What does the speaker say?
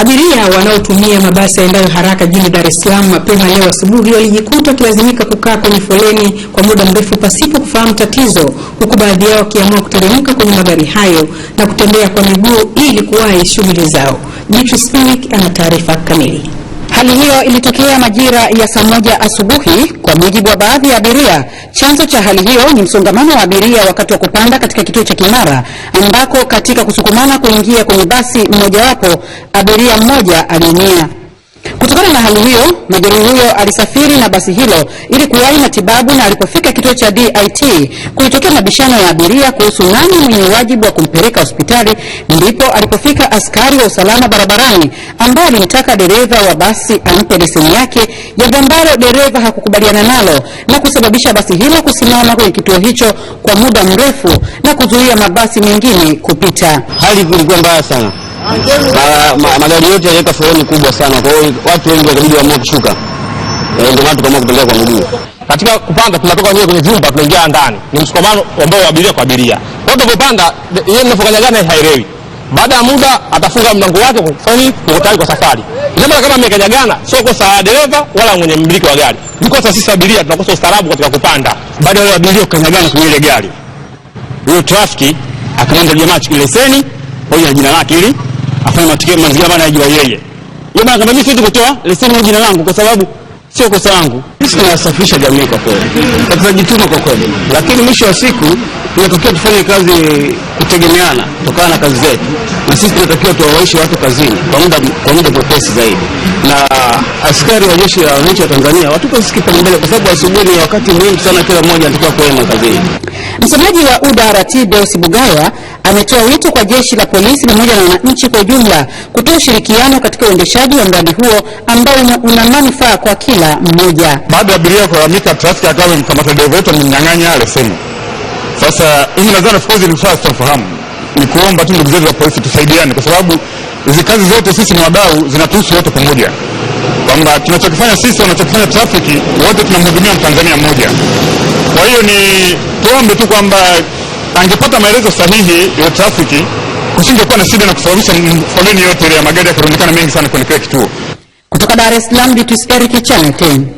Abiria wanaotumia mabasi yaendayo haraka jijini Dar es Salaam mapema leo asubuhi walijikuta wakilazimika kukaa kwenye foleni kwa muda mrefu pasipo kufahamu tatizo, huku baadhi yao wakiamua kuteremka kwenye magari hayo na kutembea kwa miguu ili kuwahi shughuli zao. Beatrice Smith ana taarifa kamili. Hali hiyo ilitokea majira ya saa moja asubuhi kwa mujibu wa baadhi ya abiria. Chanzo cha hali hiyo ni msongamano wa abiria wakati wa kupanda katika kituo cha Kimara, ambako katika kusukumana kuingia kwenye basi mmojawapo, abiria mmoja aliumia. Kutokana na hali hiyo, majeruhi huyo alisafiri na basi hilo ili kuwahi matibabu, na alipofika kituo cha DIT kulitokea mabishano ya abiria kuhusu nani mwenye wajibu wa kumpeleka hospitali. Ndipo alipofika askari wa usalama barabarani ambaye alimtaka dereva wa basi ampe leseni yake, jambo ambalo dereva hakukubaliana nalo na kusababisha basi hilo kusimama kwenye kituo hicho kwa muda mrefu na kuzuia mabasi mengine kupita. Hali ilikuwa mbaya sana magari yote yaliweka foleni kubwa sana, kwa hiyo watu wengi wakabidi waamua kushuka, eh, ndio maana tukaamua kutembea kwa miguu. Katika kupanda tunatoka wenyewe kwenye vyumba tunaingia ndani, ni msukumano ambao abiria kwa abiria. Kwa hiyo tunapopanda yeye mnafokanyagana haielewi. Baada ya muda atafunga mlango wake kwa kufanya tayari kwa safari. Kama kama mmekanyagana sio kosa la dereva wala mwenye mmiliki wa gari. Ni kosa sisi abiria tunakosa ustaarabu katika kupanda. Baada ya abiria kukanyagana kwenye ile gari. Hiyo trafiki akaenda jamaa chukue leseni pamoja na jina lake ili afanye matukio mazingira ambayo anajua yeye. Yeye bwana kama mimi siwezi kutoa leseni ya jina langu kwa sababu sio kosa langu. Sisi tunasafisha jamii kwa kweli. Tunajituma kwa kweli. Lakini mwisho wa siku tunatakiwa tufanye kazi kutegemeana kutokana na kazi zetu. Na sisi tunatakiwa tuwawaishe watu kazini kwa muda kwa muda mwepesi zaidi. Na askari wa jeshi la wananchi wa Tanzania watupe sisi kipaumbele kwa sababu asubuhi ni wakati muhimu sana, kila mmoja anatakiwa kuwa kazini. Msemaji wa UDART Deus Bugaya ametoa wito kwa jeshi la polisi pamoja na wananchi kwa ujumla kutoa ushirikiano katika uendeshaji wa mradi huo ambao una manufaa kwa kila mmoja. Baada ya abiria kulalamika trafiki, akawa mkamata dereva wetu amemnyang'anya leseni. Sasa hivi nadhani of course ilifaa sitafahamu, ni kuomba tu ndugu zetu wa polisi tusaidiane, kwa sababu hizi kazi zote sisi ni wadau, zinatuhusu wote pamoja kwamba tunachokifanya sisi, wanachokifanya trafiki, wote tunamhudumia mtanzania mmoja. Kwa hiyo ni tuombe tu kwamba angepata maelezo sahihi ya trafiki kusingekuwa na shida na kusababisha foleni yote ile ya magari yakarundikana mengi sana kuelekea kituo. Kutoka Dar es Salaam, Eric Chang.